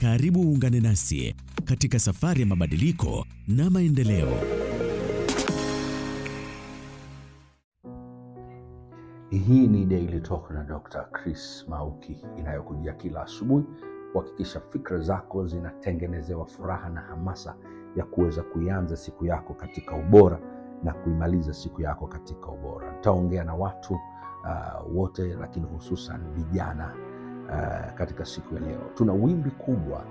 Karibu uungane nasi katika safari ya mabadiliko na maendeleo. Hii ni Daily Talk na Dr. Chris Mauki inayokujia kila asubuhi kuhakikisha fikra zako zinatengenezewa furaha na hamasa ya kuweza kuianza siku yako katika ubora na kuimaliza siku yako katika ubora. Nitaongea na watu uh, wote lakini hususan vijana uh, katika siku ya leo tuna wimbi kubwa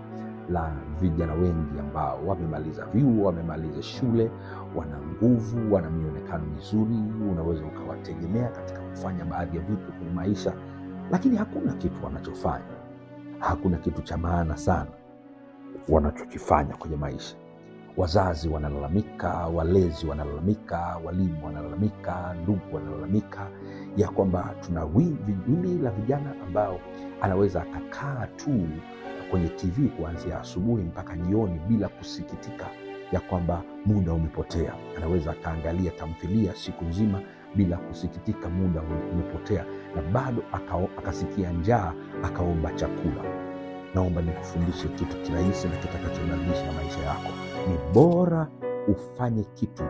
la vijana wengi ambao wamemaliza vyuo, wamemaliza shule, wana nguvu, wana mionekano mizuri, unaweza ukawategemea katika kufanya baadhi ya vitu kwenye maisha, lakini hakuna kitu wanachofanya, hakuna kitu cha maana sana wanachokifanya kwenye maisha. Wazazi wanalalamika, walezi wanalalamika, walimu wanalalamika, ndugu wanalalamika, ya kwamba tuna wimbi la vijana ambao anaweza akakaa tu kwenye TV kuanzia asubuhi mpaka jioni bila kusikitika ya kwamba muda umepotea. Anaweza akaangalia tamthilia siku nzima bila kusikitika, muda umepotea, na bado akasikia njaa akaomba chakula. Naomba nikufundishe kitu kirahisi na kitakachobadilisha maisha yako. Ni bora ufanye kitu,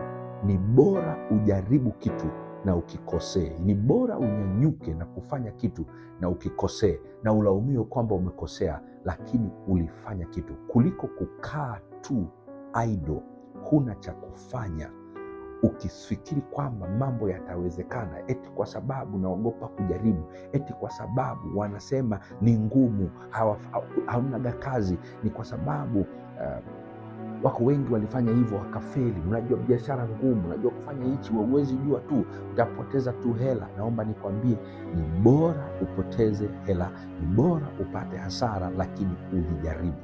ni bora ujaribu kitu na ukikosee, ni bora unyanyuke na kufanya kitu na ukikosee na ulaumiwe kwamba umekosea, lakini ulifanya kitu, kuliko kukaa tu aido, huna cha kufanya ukifikiri kwamba mambo yatawezekana, eti kwa sababu naogopa kujaribu, eti kwa sababu wanasema ni ngumu, hauna kazi, ni kwa sababu uh, Wako wengi walifanya hivyo wakafeli. Unajua biashara ngumu, unajua kufanya hichi, wauwezi jua tu, utapoteza tu hela. Naomba nikwambie, ni bora upoteze hela, ni bora upate hasara, lakini ujijaribu.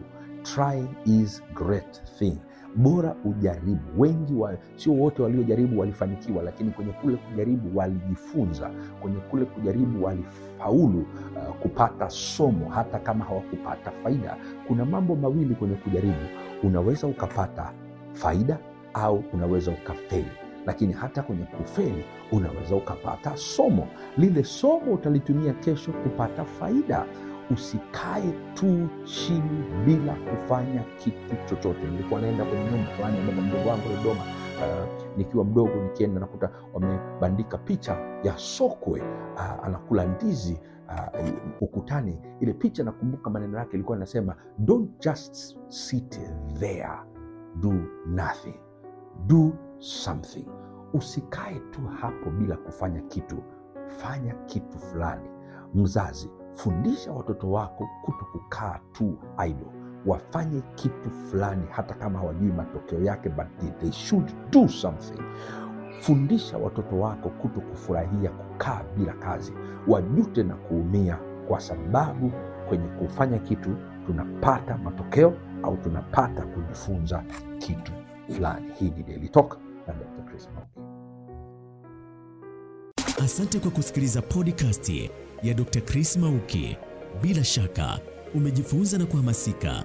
is great thing. Bora ujaribu. Wengi wa, sio wote waliojaribu walifanikiwa, lakini kwenye kule kujaribu walijifunza, kwenye kule kujaribu walifaulu uh, kupata somo, hata kama hawakupata faida. Kuna mambo mawili kwenye kujaribu unaweza ukapata faida au unaweza ukafeli, lakini hata kwenye kufeli unaweza ukapata somo. Lile somo utalitumia kesho kupata faida. Usikae tu chini bila kufanya kitu chochote. Nilikuwa naenda kwenye nyumba fulani ya mdogo wangu Dodoma uh, nikiwa mdogo nikienda nakuta wamebandika picha ya sokwe uh, anakula ndizi uh, ukutani. Ile picha nakumbuka maneno yake ilikuwa inasema don't just sit there do nothing do something. Usikae tu hapo bila kufanya kitu, fanya kitu fulani. Mzazi, fundisha watoto wako kuto kukaa tu idle wafanye kitu fulani, hata kama hawajui matokeo yake, but they should do something. Fundisha watoto wako kuto kufurahia kukaa bila kazi, wajute na kuumia, kwa sababu kwenye kufanya kitu tunapata matokeo au tunapata kujifunza kitu fulani. Hii ni Daily Talk na Dr. Chris Mauki. Asante kwa kusikiliza podcast ya Dr. Chris Mauki. Bila shaka umejifunza na kuhamasika.